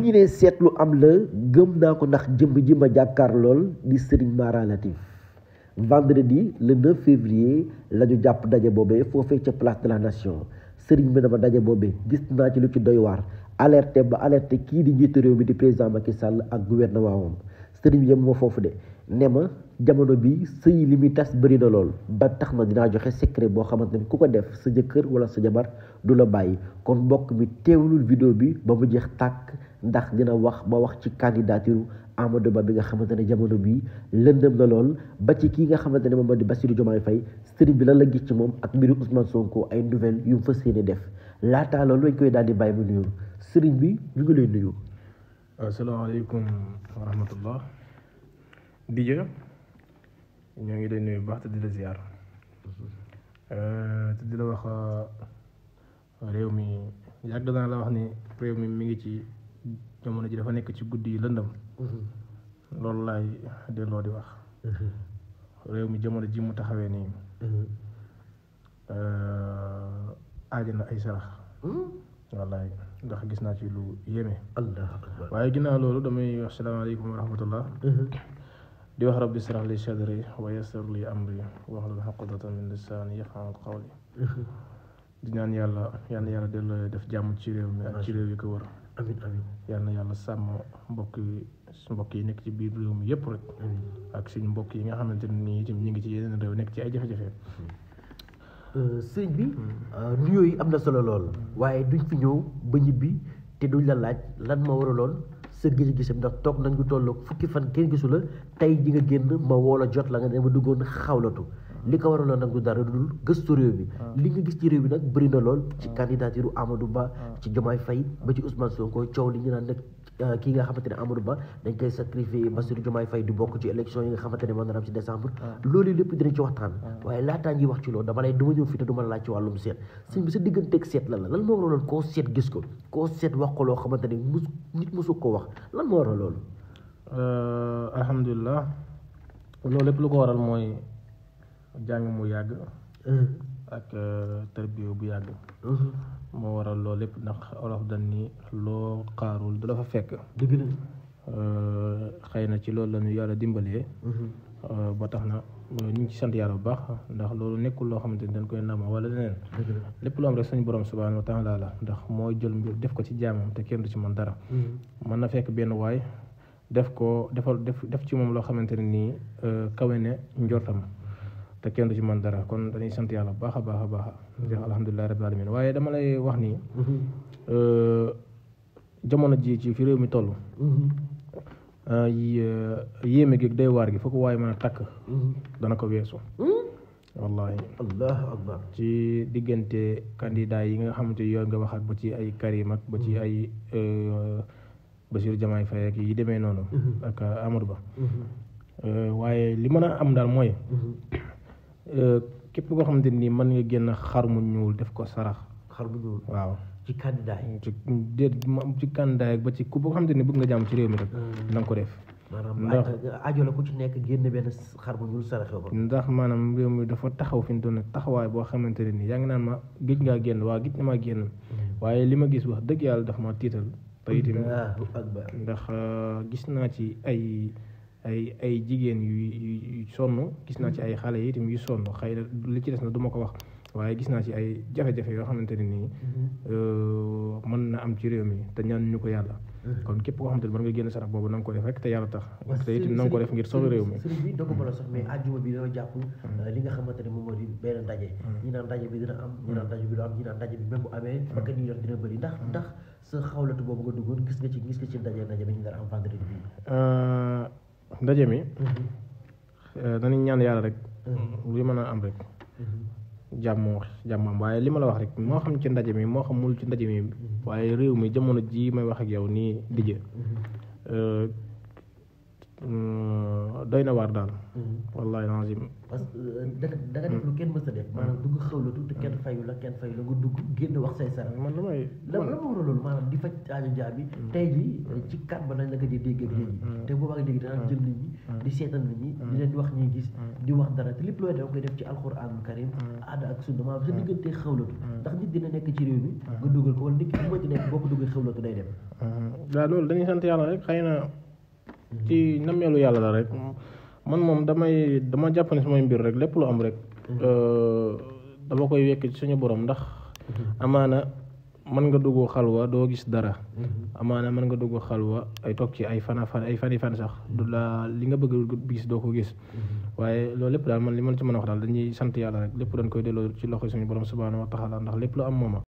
bu ñu nee seetlu am la gëm naa ko ndax jëmb ji ma jàkkaar lool di Serigne Mara Latif vendredi le 9 février la ñu jàpp daje boobee foofee ca place de la nation Serigne bi dama daje boobee gis naa ci lu ci doy waar alerte ba alerté kii di njiitu réew mi di président Macky Sall ak gouvernement wam Serigne bi ma foofu de ne ma jamono bi sëy li muy tas bëri na lool ba tax ma dinaa joxe secret boo xamante ne ku ko def sa jëkkër wala sa jabar du la bàyyi ndax dina wax ba wax ci candidature Amadou Ba bi nga xamante ne jamono bii lëndëm na lool ba ci kii nga xamante ne moom moo di Bassirou Diomaye Faye sëriñ bi lan la gis ci moom ak mbiru Ousmane Sonko ay nouvelles yu mu fas yéene def laataa loolu lañ koy daal di bàyyi mu nuyu sëriñ bi ñu ngi lay nuyu. asalaamaaleykum wa rahmatullah Didier ñoo ngi lay nuyu baax te di la ziar euh, te di wax euh, réew mi yàgg naa la wax ni réew mi mi ngi ci. jamono ji dafa nekk ci guddi yu lëndëm mm-hmm. loolu laay delloo di wax mm-hmm. réew mi jamono ji mu taxawee nii mm-hmm. euh, aaja na ay sarax wallaay ndax gis naa ci lu yéeme waaye ginnaaw loolu damay wax salaamaaleykum wa rahmatullah di wax rabbi sarax li sadri wa yassir li amri waxlul xaqdatan min lisaani yafqahu qawli di ñaan yàlla yàlla yàlla delloo def jàmm ci réew mi ci réew yi ko wër amin amin yal na yàlla sàmm mbokk yi mbokk yi nekk ci biir réew mi yëpp rek ak suñu mbokk yi nga xamante ne nii itam ñu ngi ci yeneen réew nekk ci ay jafe-jafe euh, sëñ bi euh, nuyoo yi am na solo lool waaye duñ fi ñëw ba ñibbi te duñ la laaj lan ma waraloon sa gis-gisam ndax toog nañ ko tolloog fukki fan kenn gisu la tey ji nga génn ma woola jot la nga ne ma duggoon xawlatu li ko waraloon nag du dara dul gëstu réew bi ah. li nga gis ci réew bi nag bëri na lool ci ah. candidature Amadou Ba ah. ci Diomaye Faye ba ci Ousmane Sonko coow li ñu naan nag kii nga xamante ne Amadou Ba dañ koy sacrifier Bassirou Diomaye Faye du bokk ci élection yi nga xamante ne mën am ci décembre loolu lépp dinañ ci waxtaan waaye laataa ngi wax ci loolu dama lay dama ñëw fi te du ma laaj ci wàllum seet sëñ bi sa digganteeg seet lan la lan moo waraloon koo seet gis ko koo seet wax ko loo xamante ne mus nit mosu ko wax lan war a loolu euh, alhamdulilah loolu lépp lu ko waral mooy jàng mu yàgg mm-hmm. ak euh, tarbiyo bu yàgg mm-hmm. moo waral loolu lépp ndax olof dañ ni loo xaarul du la fa fekk dëgg la euh, xëy na ci loolu la ñu yàlla dimbalee mm-hmm. euh, ba tax na ñu ngi ci sant yàlla bu baax ndax loolu nekkul loo xamante ni dañ koy nama wala leneen lépp loo am rek suñu borom subhanahu wa taala la ndax moo jël mbir def ko ci jaamam te kenn du ci mën dara mën na fekk benn waay def ko defal def def ci moom loo xamante ne nii kawe ne njortam te kenn du ci mën dara kon dañuy sant yàlla bu baax a baax a baax di wax alhamdulilah rabbil alamin waaye dama lay wax nii mm-hmm. euh, jamono ji ci fi réew mi toll mm-hmm. euh, euh, yéeme gi day waar gi foo ko waaye mën a takk mm-hmm. dana ko weesu wallahi ci diggante candidat yi nga xamante yooyu nga wax ak ba ci ay Karim ak ba ci ay Bassirou Diomaye Faye ak yi demee noonu ak Amadou Ba waaye li am daal mooy Euh, képp koo xamante nii man nga génn xar mu ñuul def ko sarax. xar waaw. ci candidat yi ci déet ci candidat ba ci ku xam xamante ni bëgg nga jàmm ci réew mi rek. Hmm. ko def. maanaam aajo ku ci nekk génn benn xar bu ñuul saraxe ndax maanaam réew mi dafa taxaw fi mu doon taxawaay boo xamante ne nii yaa ngi naan ma géej ngaa génn waa géej na maa génn. Hmm. waaye li ma gis wax dëgg yàlla daf ma tiital. te itam ndax euh, gis naa ci ay. ay ay jigéen yu yu sonn gis naa ci ay xale yi itam yu sonn xëy na li ci des na duma ko wax waaye gis naa ci ay jafe-jafe yoo xamante ne nii mhm. euh, mën na am ci réew mi te ñaan ñu ko yàlla mhm. kon képp ko xamante ne mën nga génn ko def rek te yàlla tax te itam na nga ko def ngir solo réew mi ma mhm. euh, moom moo di benn ndaje ñi naan ndaje bi dina am ñi naan ndaje bi du am ñi naan ndaje bi même bu amee bakkan yi yor dina bëri ndax ndax sa xawlatu boobu nga duggoon gis nga ci gis nga ci ndaje ndaje bi ñu nar am vendredi bi euh, ndaje mi mm-hmm. eh, danañ ñaan yàlla rek mm-hmm. luy mën a am rek mm-hmm. jàmm wax jàmm waaye li ma la wax rek moo xam ci ndaje mi moo xamul ci ndaje mi waaye réew mi jamono ji may wax ak yow nii dijë eh, Euh, doy na waar daal. Mm-hmm. wallaahi lazim. parce que da euh, def lu kenn mës a def. Mm-hmm. maanaam dugg xawlatu te kenn mm-hmm. fayu la kenn fayu la nga dugg génn wax say sara. man lu may ma a loolu maanaam di faj aajo jaabi. tey jii ci kat ba nañ la ko di dégg ak léegi. te boobaa di seetal nit ñi. di leen wax ñuy gis. di wax dara te lépp looy def koy def ci alxuraanul karim. aada ak sunna maanaam sa diggante xawlatu. ndax nit dina nekk ci réew mi. nga dugal ko wala nit ki bu ma ci nekk boo ko duggee xawlatu day dem. waaw loolu dañuy sant yàlla rek xëy na ci nammeelu yàlla la rek mm. man moom damay dama jàpp ne samay mbir rek lépp lu am rek mm. euh, dama koy wekk ci suñu borom ndax mm-hmm. amaana mën nga dugg xalwa doo gis dara mm-hmm. amaana mën nga dugg xalwa ay toog ci ay fana fan ay fani fan sax du la li nga bëgg gis doo ko gis mm-hmm. waaye loolu lépp daal man li man ci mën a wax daal dañuy sant yàlla rek lépp dañ koy delloo ci loxo suñu borom subhaanahu wa taala ndax lépp lu am mooma